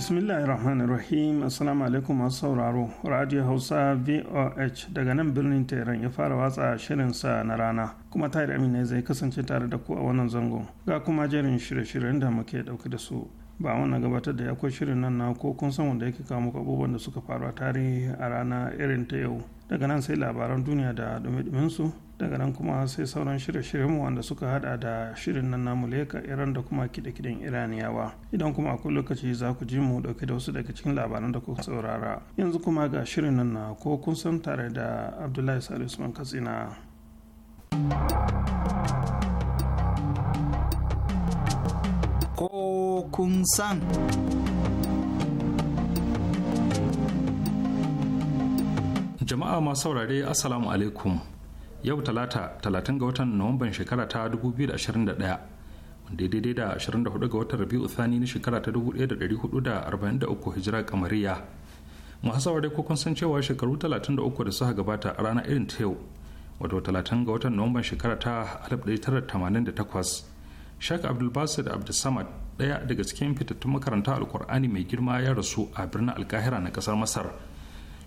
bismillahirrahmanirrahim assalamu alaikum masu sauraro radio hausa voh daga nan birnin tehran ya fara watsa shirinsa na rana kuma tahir amina zai kasance tare da ku a wannan zangon ga kuma jerin shirye-shiryen da muke dauke da su ba wannan gabatar da akwai shirin nan na ko kun san wanda yake kawo muku abubuwan da suka faru a tarihi a rana irin ta yau daga nan sai labaran duniya da dumi-duminsu daga nan kuma sai sauran shirye-shiryenmu wanda suka hada da shirin nan namu leka iran da kuma kide-kiden iraniyawa idan kuma akwai lokaci za ku ji mu dauke da wasu daga cikin labaran da kuka saurara yanzu kuma ga shirin nan na ko kun san tare da abdullahi sa'adu usman katsina ko kun san jama'a masu saurare asalamu alaikum yau talata 30 ga watan nuwamban shekara ta 2021 wanda daidai da 24 ga watan rabi'u thani na shekara ta 1443 hijira kamariya masu saurare ko kun san cewa shekaru 33 da suka gabata a ranar irin ta yau wato 30 ga watan nuwamban shekara ta 1988 Shaka abdulbasir abdulsamad daya daga cikin fitattun makaranta alkur'ani mai girma ya rasu a birnin alkahira na kasar masar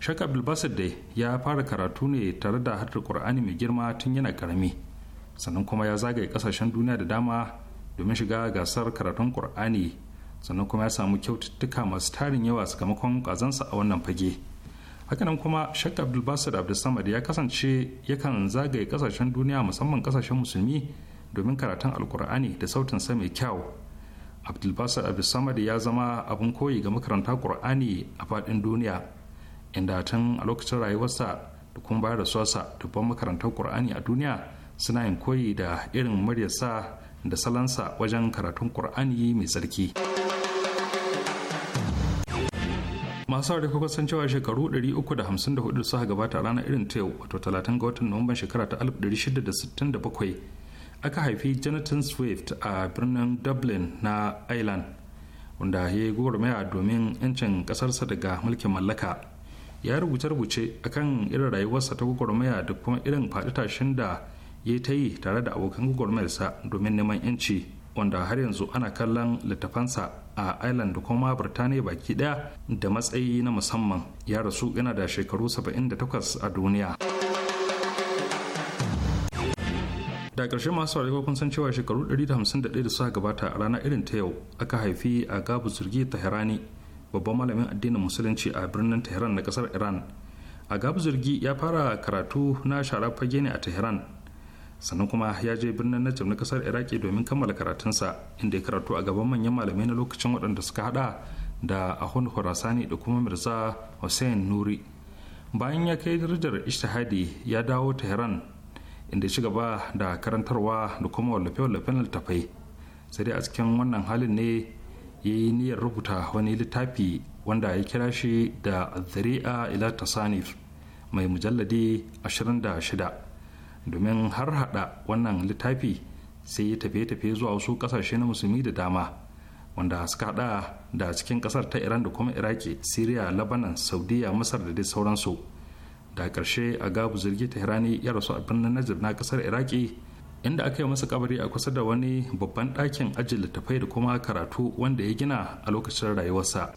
shak abdulbasir dai ya fara karatu ne tare da harkar qur'ani mai girma tun yana karami sannan kuma ya zagaye kasashen duniya da dama domin shiga gasar karatun qur'ani sannan kuma ya samu kyaututtuka masu tarin yawa sakamakon kwazansa a wannan fage hakanan kuma shak abdulbasir abdulsamad ya kasance yakan zagaye kasashen duniya musamman kasashen musulmi domin karatun alkur'ani da sautin sa mai kyau abdulbasir abdulsamad ya zama abin koyi ga makaranta qur'ani a faɗin duniya inda tun a lokacin rayuwarsa da kuma bayar da suwarsa dubban makarantar qur'ani a duniya suna yin koyi da irin muryarsa da salansa wajen karatun ƙur'ani mai tsarki. masu aure kuka san cewa shekaru 354 suka gabata ranar irin ta yau wato 30 ga watan nuwamban shekara ta 1667 aka haifi jonathan swift a birnin dublin na ireland wanda ya yi gwagwarmaya domin 'yancin kasarsa daga mulkin mallaka ya rubuce rubuce akan irin rayuwarsa ta gwagwarmaya da kuma irin faɗi tashin da ya ta yi tare da abokan gwagwarmayarsa domin neman yanci wanda har yanzu ana kallon littafansa a island da kuma birtaniya baki daya da matsayi na musamman ya rasu yana da shekaru 78 a duniya da ƙarshe masu ko kun san cewa shekaru 151 da suka gabata a ranar irin ta yau aka haifi a gabu zurgi herani babban malamin addinin musulunci a birnin tehran na kasar iran a gabu zirgi ya fara karatu na shara fage ne a tehran sannan kuma ya je birnin najib na kasar iraki domin kammala karatunsa inda ya karatu a gaban manyan malamai na lokacin waɗanda suka hada da ahun khurasani da kuma mirza hussein nuri bayan ya kai darajar ishtihadi ya dawo tehran inda ya ci gaba da karantarwa da kuma wallafe-wallafen littattafai sai dai a cikin wannan halin ne ya yi niyyar rubuta wani littafi wanda ya kira shi da zari'a ila tasanif mai mujalladi 26 domin har hada wannan littafi sai ya tafiye-tafiye zuwa wasu kasashe na musulmi da dama wanda suka hada da cikin kasar ta iran da kuma iraki syria labanan saudiya masar da dai sauransu da karshe a gabu zirgi tehrani ya rasu a birnin najib na kasar iraki inda aka yi masa kabari a kusa da wani babban ɗakin ajiye littafai da kuma karatu wanda ya gina a lokacin rayuwarsa.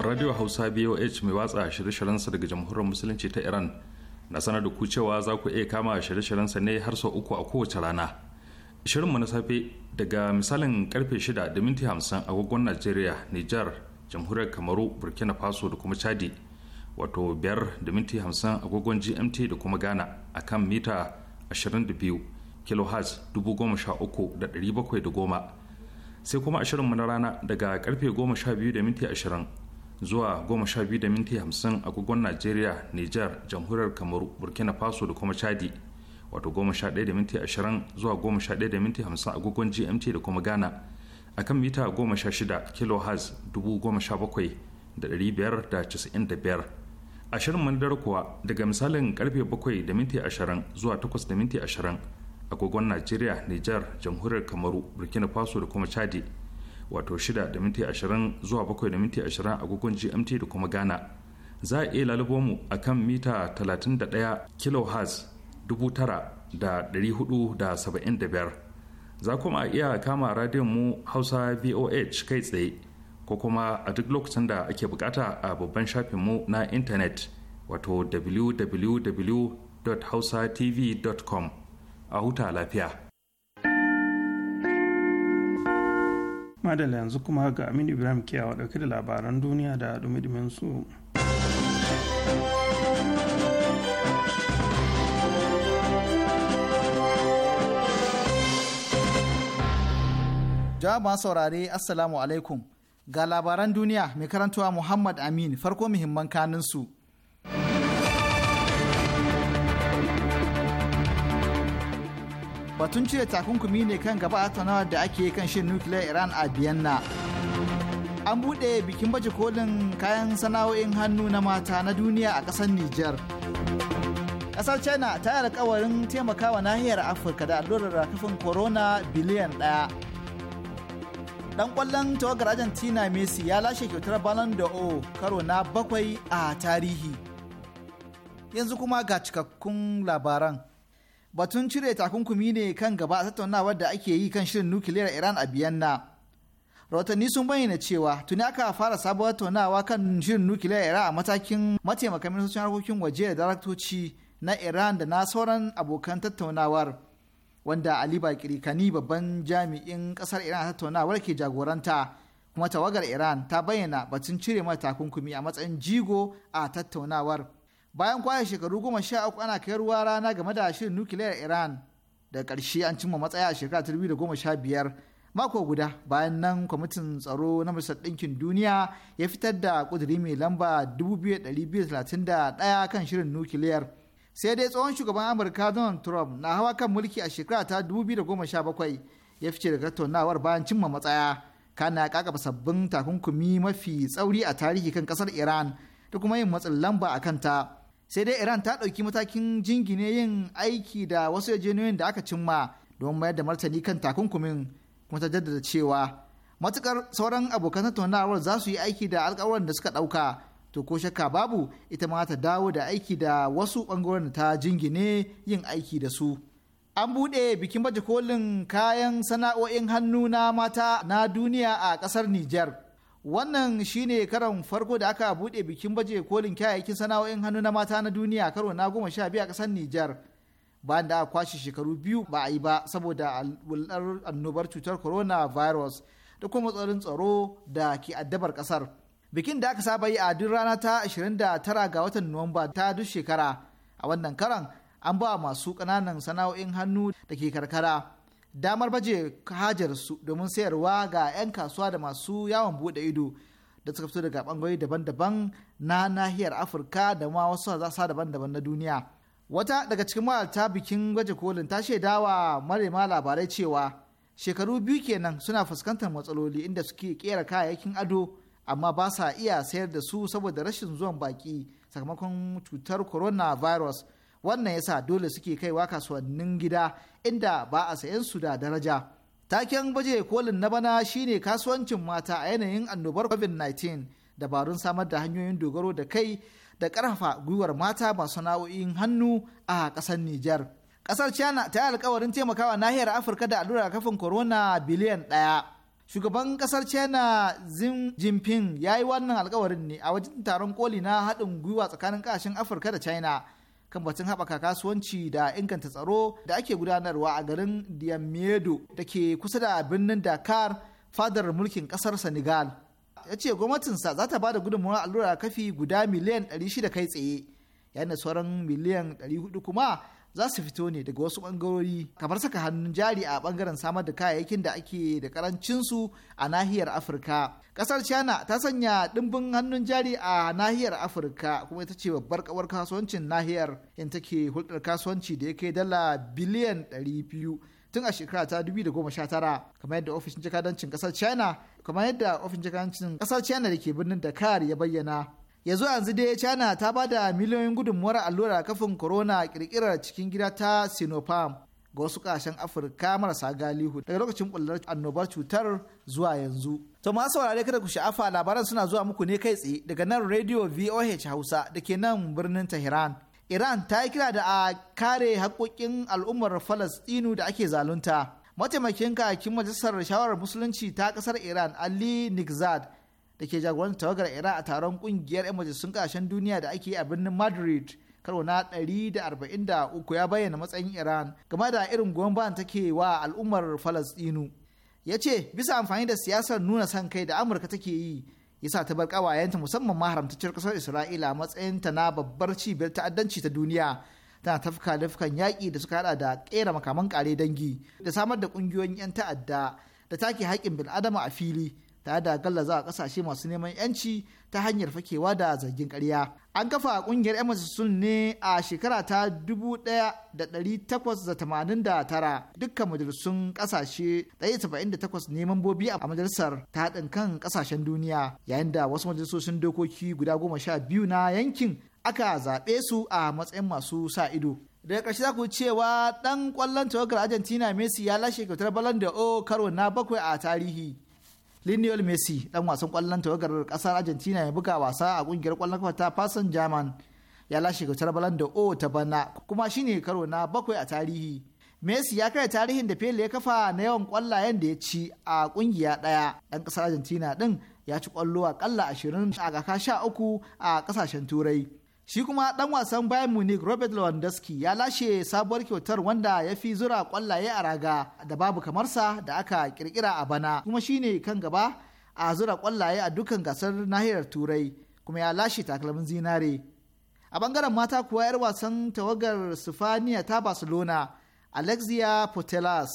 radio hausa boh mai watsa shirye-shiryensa daga jamhuriyar musulunci ta iran na sanar da ku cewa za ku iya kama shirye-shiryensa ne har sau uku a kowace rana shirinmu na safe daga misalin karfe 6.50 agogon najeriya nijar jamhuriyar kamaru burkina faso da kuma chadi wato 5.50 agogon gmt da kuma ghana a kan mita 22 kilohertz 13710 sai kuma ashirinmu na rana daga karfe 12.20 zuwa 12.50 agogon najeriya nijar jamhuriyar kamaru burkina faso da kuma chadi wato ɗaya da minti ashirin zuwa ɗaya da minti hamsin agogon gmt da kuma ghana a kan mita 16 kilohertz 17,595 shirin manadar kuwa daga misalin karfe bakwai da minti ashirin zuwa takwas da minti ashirin agogon nigeria niger jamhuriyar kamaru burkina faso da kuma chadi wato shida da minti ashirin zuwa bakwai da minti ashirin agogon gmt da kuma ghana za a iya lalubo mu a kan mita 31 kilohertz 9475 za kuma iya kama radiyon mu hausa voh kai tsaye ko kuma a duk lokacin da ake bukata a babban mu na intanet wato www.hausatv.com a huta lafiya. Madalla yanzu kuma ga Aminu Ibrahim Kiyawa dauke da labaran duniya da dumi su. Jawab saurare Assalamu alaikum. Ga labaran duniya mai karantawa Muhammad Amin farko muhimman kanin su. Batun cire takunkumi ne kan gaba a da ake kan shin nukiliyar Iran a Vienna. An buɗe bikin baje kolin kayan sana'o'in hannu na mata na duniya a ƙasar Nijar. kasar china ta yi alkawarin taimakawa nahiyar afirka da allurar rakafin corona biliyan ɗaya dan kwallon tawagar argentina messi ya lashe kyautar ballon d'or karo na bakwai a tarihi yanzu kuma ga cikakkun labaran batun cire takunkumi ne kan gaba a tattaunawar da ake yi kan shirin nukiliyar iran a biyanna rahotanni sun bayyana cewa tuni aka fara sabuwar tattaunawa kan shirin nukiliyar iran a matakin mataimakan ministocin harkokin waje da daraktoci na iran da na sauran abokan tattaunawar wanda Ali Bakiri Kani babban jami'in kasar Iran a tattaunawar ke jagoranta kuma tawagar Iran ta bayyana batun cire mata takunkumi a matsayin jigo a tattaunawar. Bayan kwaya shekaru goma sha uku ana kai ruwa rana game da shirin nukiliyar Iran da ƙarshe an cimma matsaya a shekara ta da goma sha biyar mako guda bayan nan kwamitin tsaro na majalisar ɗinkin duniya ya fitar da ƙuduri mai lamba 2231 kan shirin nukiliyar. sai dai tsohon shugaban amurka donald trump na hawa kan mulki a shekara ta 2017 ya fice daga tattaunawar bayan cimma matsaya kana ya kakaba sabbin takunkumi mafi tsauri a tarihi kan kasar iran da kuma yin matsin lamba a kanta sai dai iran ta ɗauki matakin jingine yin aiki da wasu yajeniyoyin da aka cimma don mayar da martani kan takunkumin kuma ta jaddada cewa matukar sauran abokan tattaunawar za su yi aiki da alkawarin da suka ɗauka to ko shakka babu ita ma ta dawo da aiki da wasu bangaren ta jingine yin aiki da su. An buɗe bikin baje kolin kayan sana'o'in hannu na mata na duniya a ƙasar Nijar. Wannan shine karon farko da aka buɗe bikin baje kolin kayayyakin sana'o'in hannu na mata na duniya karo na goma sha biyu a ƙasar Nijar. Bayan da aka kwashe shekaru biyu ba a yi ba saboda annobar cutar coronavirus da kuma matsalolin tsaro da ke addabar ƙasar. bikin da aka saba yi a duk rana ta 29 ga watan nuwamba ta duk shekara a wannan karan an ba masu kananan sana'o'in hannu da ke karkara damar baje hajarsu domin sayarwa ga 'yan kasuwa da masu yawon buɗe ido da suka fito daga bangare daban-daban na nahiyar afirka da ma wasu zasa daban-daban na duniya wata daga cikin ma'alta bikin gwaje kolin ta shaidawa marema labarai cewa shekaru biyu kenan suna fuskantar matsaloli inda suke kera kayayyakin ado amma ba sa iya sayar da su saboda rashin zuwan baki sakamakon cutar coronavirus wannan yasa dole suke kaiwa kasuwannin gida inda ba a sayan su da daraja taken baje kolin na bana shine kasuwancin mata a yanayin annobar covid-19 dabarun samar da hanyoyin dogaro da kai da karfafa gwiwar mata masu na'o'in hannu a ƙasar Nijar. Ƙasar China ta yi alkawarin taimakawa nahiyar Afirka da allurar kafin corona biliyan ɗaya. shugaban kasar china xi jinping ya yi wannan alkawarin ne a wajen taron koli na haɗin gwiwa tsakanin kasashen afirka da china kan batun haɓaka kasuwanci da inganta tsaro da ake gudanarwa a garin diamedo da ke kusa da birnin dakar fadar mulkin kasar senegal ya ce gwamnatinsa za ta ba da gudunmawar allura kafi guda miliyan 600 kai tsaye yana sauran miliyan 400 kuma za su fito ne daga wasu bangarori kamar saka hannun jari a bangaren samar da kayayyakin da ake da karancinsu a nahiyar afirka kasar china ta sanya dimbin hannun jari a nahiyar afirka kuma ita ce babbar kawar kasuwancin nahiyar in take hulɗar kasuwanci da ya kai dala biliyan 200 tun a shekara ta 2019 kamar yadda ofishin jakadancin kasar china kamar yadda ofishin jakadancin kasar china da ke birnin dakar ya bayyana ya zo yanzu dai china ta ba da miliyoyin gudunmuwar allurar kafin corona kirkirar cikin gida ta sinopharm ga wasu kasashen afirka marasa galihu daga lokacin bullar annobar cutar zuwa yanzu to masu saurare kada ku sha'afa labaran suna zuwa muku ne kai tsaye daga nan radio voh hausa da ke nan birnin tehran iran ta yi kira da a kare haƙoƙin al'ummar falastinu da ake zalunta mataimakin kakin majalisar shawarar musulunci ta ƙasar iran ali nikzad da ke jagorantar tawagar ira a taron kungiyar 'yan majalisun kasashen duniya da ake yi a birnin Madrid karo na 143 ya bayyana matsayin Iran game da irin goyon bayan take wa al'ummar Falastinu. Ya ce bisa amfani da siyasar nuna son kai da Amurka take yi yasa ta bar kawayenta musamman ma kasar Isra'ila matsayinta na babbar cibiyar ta'addanci ta duniya tana tafka dafkan yaƙi da suka hada da kera makaman kare dangi da samar da ƙungiyoyin 'yan ta'adda da take haƙƙin bil'adama a fili ta da gallaza a kasashe masu neman yanci ta hanyar fakewa da zargin karya. An kafa kungiyar 'yan sun ne a shekara ta 1889 dukkan majalisun kasashe 178 ne mambobi a majalisar ta haɗin kan kasashen duniya yayin da wasu majalisoshin dokoki guda goma sha biyu na yankin aka zaɓe su a matsayin masu sa ido. daga ƙarshe za ku cewa ɗan ƙwallon tawagar argentina messi ya lashe kyautar balon da o karo na bakwai a tarihi Lionel Messi dan wasan kwallon tawagar kasar Argentina ya buga wasa a kungiyar kwallon kafa ta Fasan German ya lashe gautar balan da O ta bana kuma shine karo na bakwai a tarihi. Messi ya kai tarihin da Pele ya kafa na yawan kwallayen da ya ci a kungiya daya dan kasar Argentina din ya ci kwallo kalla 20 a sha 13 a kasashen Turai. Shi kuma ɗan wasan Bayern Munich Robert Lewandowski ya lashe sabuwar kyautar wanda ya fi zura kwallaye a raga da babu kamarsa da aka kirkira a bana kuma shine kan gaba a zura kwallaye a dukkan gasar nahiyar Turai kuma ya lashe takalmin zinare. A bangaren mata kuwa 'yar wasan tawagar Sifaniya ta Barcelona Alexia Potelas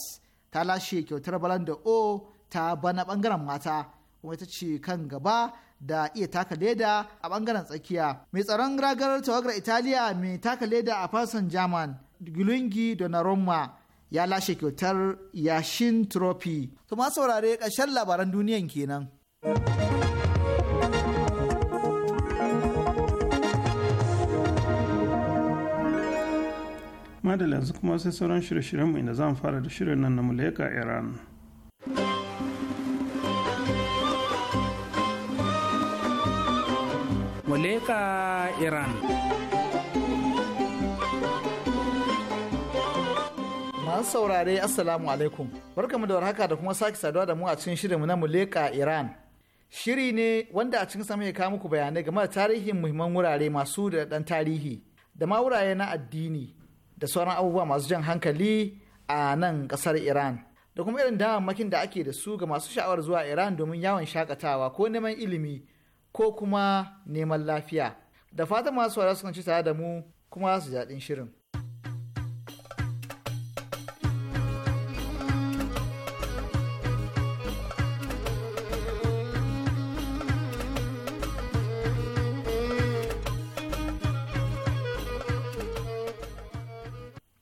ta lashe kyautar balanda o ta bana bangaren mata. kuma ita ce kan gaba da iya taka leda a bangaren tsakiya mai tsaron ragar tawagar italiya mai taka leda a fasan german gilungi donnarumma ya lashe kyautar yashin trophy to ma saurare ƙarshen labaran duniyan kenan madalla yanzu kuma sai sauran shirye-shiryenmu inda za mu fara da shirin nan na muleka iran muleka iran masu saurare assalamu alaikum barkamu da warhaka da kuma sake saduwa da mu a cikin shirinmu na muleka iran shiri ne wanda a cikin sama ya kawo muku bayanai game da tarihin muhimman wurare masu da dan tarihi da ma wurare na addini da sauran abubuwa masu jan hankali a nan ƙasar iran da kuma irin damammakin da ake da su ga masu sha'awar zuwa iran domin yawon shakatawa ko neman ilimi ko kuma neman lafiya da fatan masu wara suka ci tare da mu kuma su daɗin shirin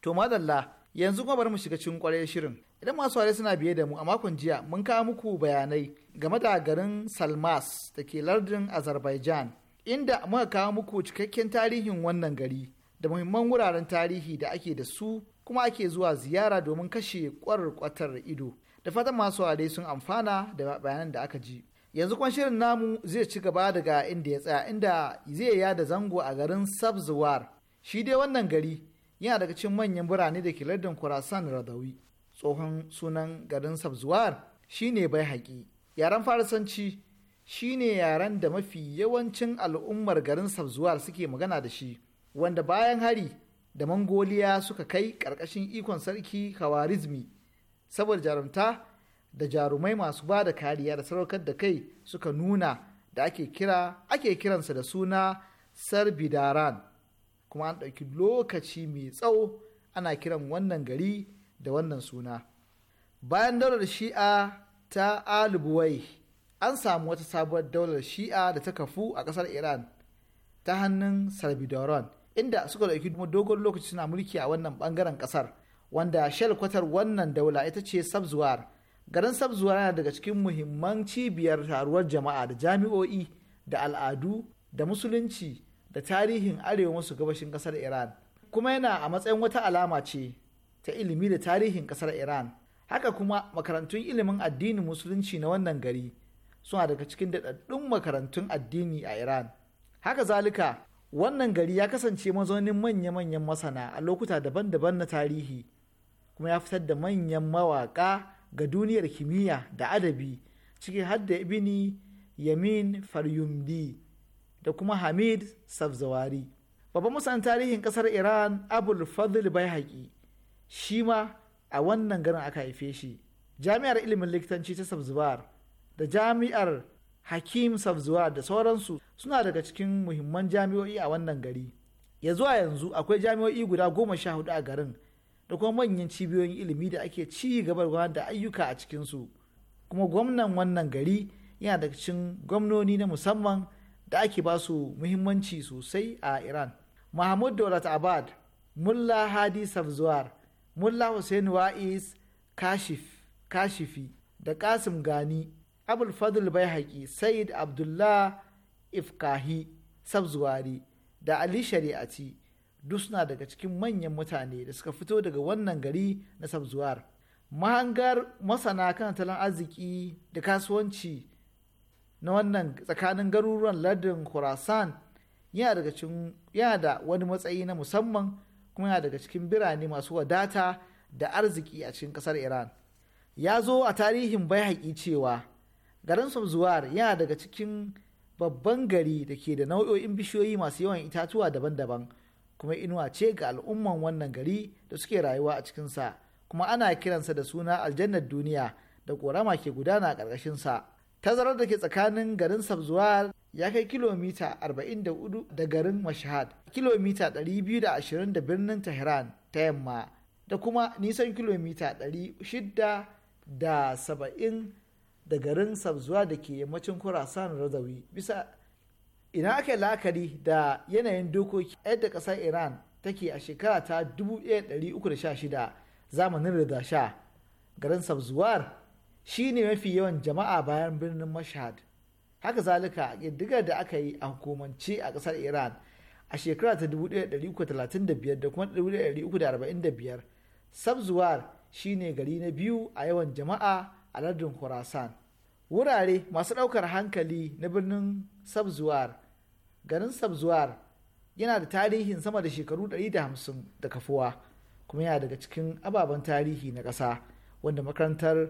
To madalla yanzu kuma bari mu shiga cikin kwarai shirin. Idan masu ware suna biye da mu a makon jiya mun kawo muku bayanai game da garin Salmas da ke lardin Azerbaijan, inda muka kawo muku cikakken tarihin wannan gari da muhimman wuraren tarihi da ake da su kuma ake zuwa ziyara domin kashe kwatar ido. Da fatan masu ware sun amfana da bayanan da aka ji. Yanzu kuma shirin namu zai ci gaba daga inda ya tsaya inda zai da zango a garin Sabzuwar. Shi dai wannan gari yana daga cikin manyan birane da ke lardin kurasan Radawi. Tsohon sunan garin Sabzuwar shine bai haƙi. yaren farisanci ne yaren da mafi yawancin al'ummar garin sabzuwar suke magana da shi wanda bayan hari da mangoliya suka kai ƙarƙashin ikon sarki kawarizmi saboda jarumta da jarumai masu ba da kariya da sarokar da kai suka nuna da ake kira ake kiransa da suna sarbidaran kuma an ɗauki lokaci mai tsawo ana kiran wannan gari da wannan suna bayan daular shi'a ta alibuwai an samu wata sabuwar daular shi'a da ta kafu a ƙasar iran ta hannun sarbidoron inda suka ɗauki dogon lokaci suna mulki a wannan ɓangaren ƙasar wanda kwatar wannan daula ita ce sabzuwar garin sabzuwar yana daga cikin muhimman cibiyar taruwar jama'a da jami'o'i da al'adu da musulunci da tarihin arewa masu gabashin ƙasar iran kuma yana a matsayin wata alama ce ta ilimi da tarihin ƙasar iran haka kuma makarantun ilimin addinin musulunci na wannan gari suna daga cikin daɗaɗɗun makarantun addini a iran haka zalika wannan gari ya kasance mazaunin manya-manyan masana a lokuta daban-daban na tarihi kuma ya fitar da manyan mawaƙa ga duniyar kimiyya da adabi ciki har ibini yamin faryumdi da kuma hamid safzawari babban masan tarihin kasar iran abul fadl bai haƙi shi ma a wannan garin aka haife shi jami'ar ilimin likitanci ta sabzuwar da jami'ar hakim sabzuwar da sauransu suna daga cikin muhimman jami'o'i a wannan gari ya zuwa yanzu akwai jami'o'i guda goma sha hudu a garin da kuma manyan cibiyoyin ilimi da ake ci gaba da ayyuka a cikinsu kuma gwamnan wannan gari yana daga cikin gwamnoni na musamman da ake ba su muhimmanci sosai a iran mahmud daulat abad mulla hadi sabzuwar mulla hussein wa'is kashif kashifi da kasim gani abul fadl bai Said abdullah ifkahi sabzuwari da ali shari'ati duk suna daga cikin manyan mutane da suka fito daga wannan gari na sabzuwar mahangar masana kan talan arziki da kasuwanci na wannan tsakanin garuruwan lardin khurasan yana da wani matsayi na musamman kuma yana daga cikin birane masu wadata da arziki a cikin kasar iran ya zo a tarihin bai cewa garin zuwar yana daga cikin babban gari da ke da nau'o'in bishiyoyi masu yawan itatuwa daban-daban kuma inuwa ce ga al'umman wannan gari da suke rayuwa a cikinsa kuma ana kiransa da suna aljannar duniya da ƙorama ke gudana a ƙarƙashinsa tazarar da ke tsakanin garin sabzuwar ya kai kilomita 44 da garin mashhad kilomita 220 da birnin tehran ta yamma da kuma nisan kilomita 670 da garin sabzuwa da ke yammacin kurasan radawi bisa ina aka la'akari da yanayin dokoki yadda ƙasar iran take a shekara ta 1316 zamanin da sha garin sabzuwar shine mafi yawan jama'a bayan birnin mashahad. haka zalika ƙididdigar da aka yi a hukumance a ƙasar iran a shekara ta 1335 da kuma 1345 sabzuwar shine gari na biyu a yawan jama'a a lardin khorasan wurare masu ɗaukar hankali na birnin sabzuwar garin sabzuwar yana da tarihin sama da shekaru 150 da kafuwa kuma yana daga cikin ababen tarihi na ƙasa wanda makarantar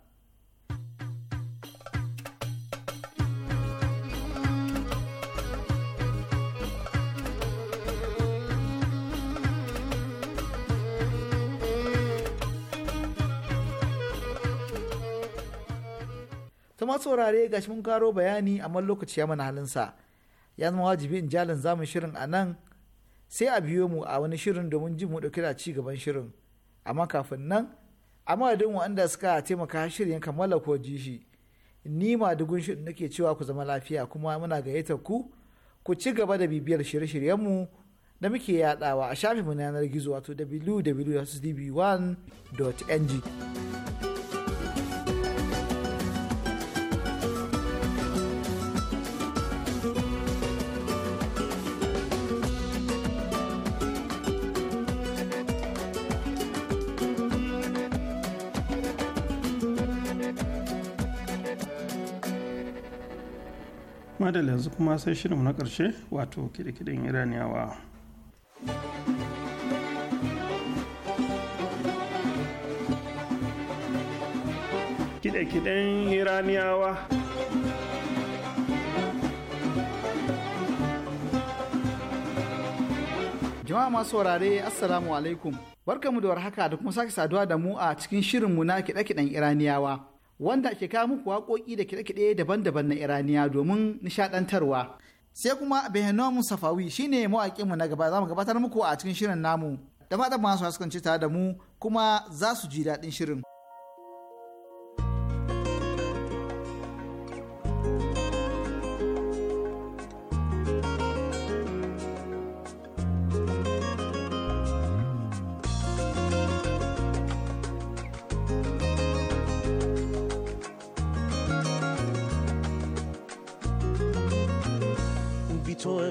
ta saurare gashi mun karo bayani amma lokaci ya mana halin sa ya zama wajibi in jalin zamun shirin a nan sai a biyo mu a wani shirin domin jin mu ɗauki da ci gaban shirin amma kafin nan a madadin wanda suka taimaka shirin kammala ko ji shi ni ma dugun shirin nake cewa ku zama lafiya kuma muna gayyatar ku ku ci gaba da bibiyar shirye shiryen mu da muke yadawa a shafinmu na yanar gizo wato www.db1.ng madalla yanzu kuma sai shirinmu na ƙarshe wato kidikidin iraniyawa Kiɗe-kiɗen iraniyawa jama'a masu wurare assalamu alaikum barkamu da warhaka da kuma sake saduwa da mu a cikin shirinmu na kiɗe-kiɗen iraniyawa wanda ke kawo muku waƙoƙi da kiɗe-kiɗe daban-daban na iraniya domin nishaɗantarwa sai kuma behenom safawi shine mawaƙinmu na gaba za mu gabatar muku a cikin shirin namu da masu haskanci tare da mu kuma za su ji daɗin shirin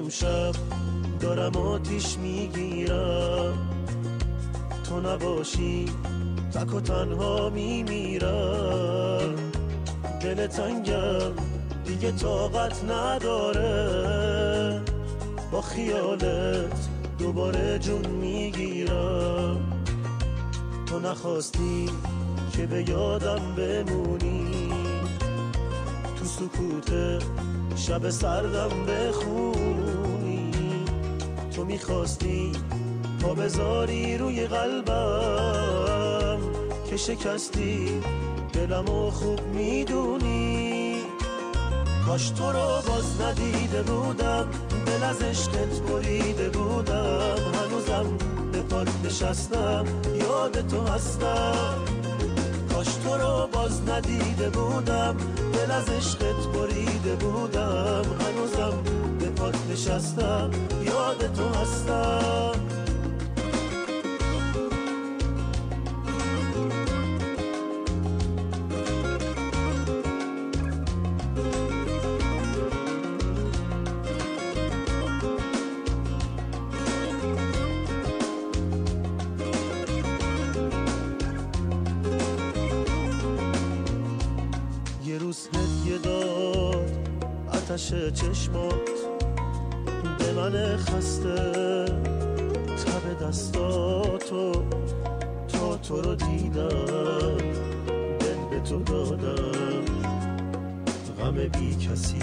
امشب دارم آتیش میگیرم تو نباشی تک و تنها میمیرم دل تنگم دیگه طاقت نداره با خیالت دوباره جون میگیرم تو نخواستی که به یادم بمونی تو سکوته شب سردم بخونی تو میخواستی پا بذاری روی قلبم که شکستی دلم و خوب میدونی کاش تو رو باز ندیده بودم دل از عشقت بریده بودم هنوزم به پاک نشستم یاد تو هستم کاش تو رو باز ندیده بودم دل از عشقت بریده بودم هنوزم به پاک نشستم یاد تو هستم همه بی کسی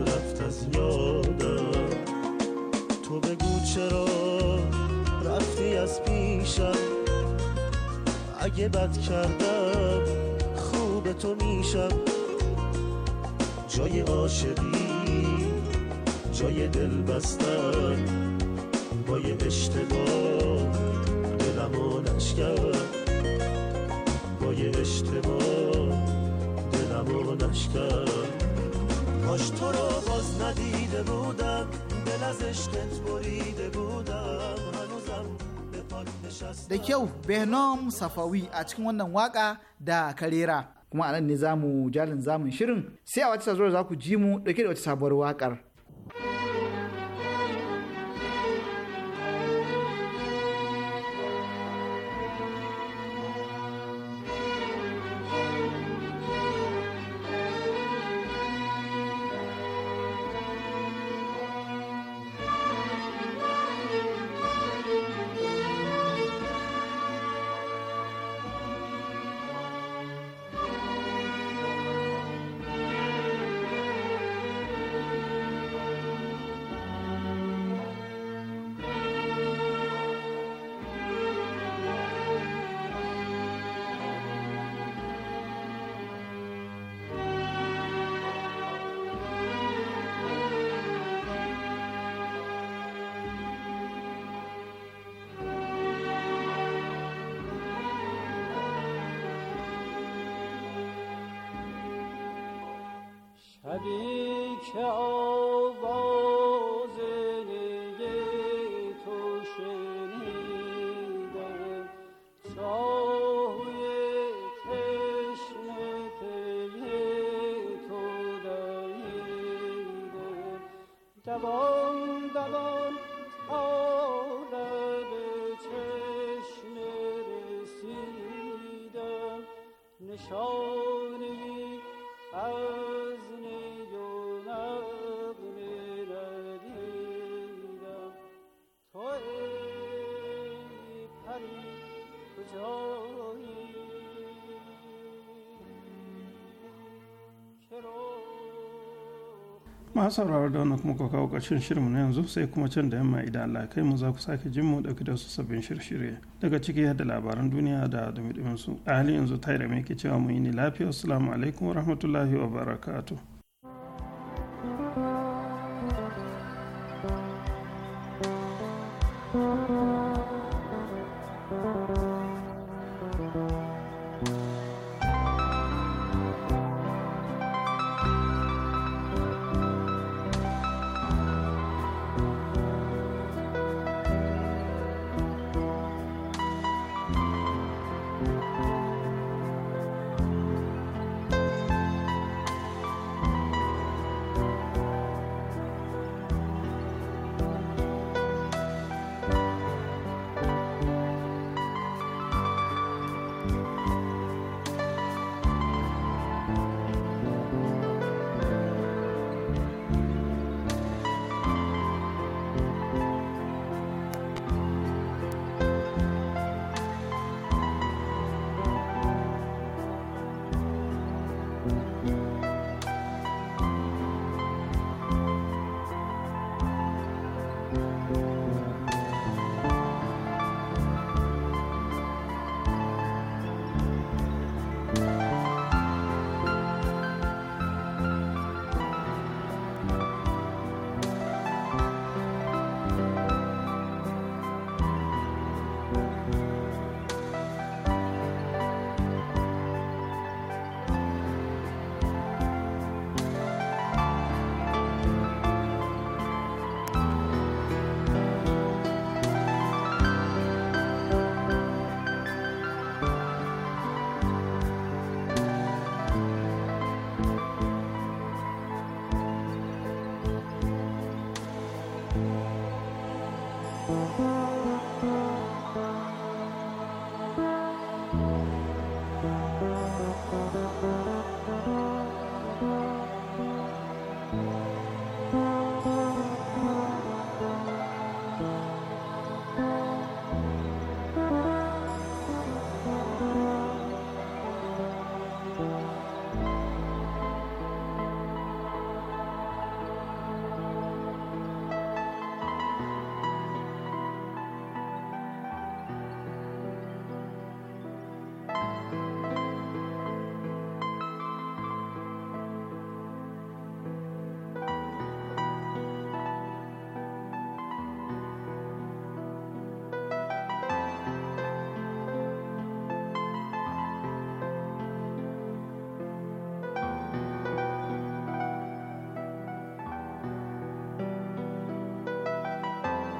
رفت از یادم تو بگو چرا رفتی از پیشم اگه بد کردم خوب تو میشم جای عاشقی جای دل بستن با یه اشتباه دلمو نشکن با یه اشتباه فراموش کرد کاش تو رو باز ندیده بودم دل از عشقت بریده بودم هنوزم Da kyau benom Safawi a cikin wannan waka da karera kuma anan ne zamu jalin zamun shirin sai a wata sazuwar za ku ji mu dauke da wata sabuwar wakar. Oh. masu sauraro da wannan kuma ka kawo ƙarshen shirinmu na yanzu sai kuma can da yamma idan Allah kai mu za ku sake jin mu dauki da su sabbin shirye-shirye daga ciki da labaran duniya da dumi su a halin yanzu tayi da ke cewa mu yi ni lafiya assalamu alaikum wa rahmatullahi wa barakatu. thank you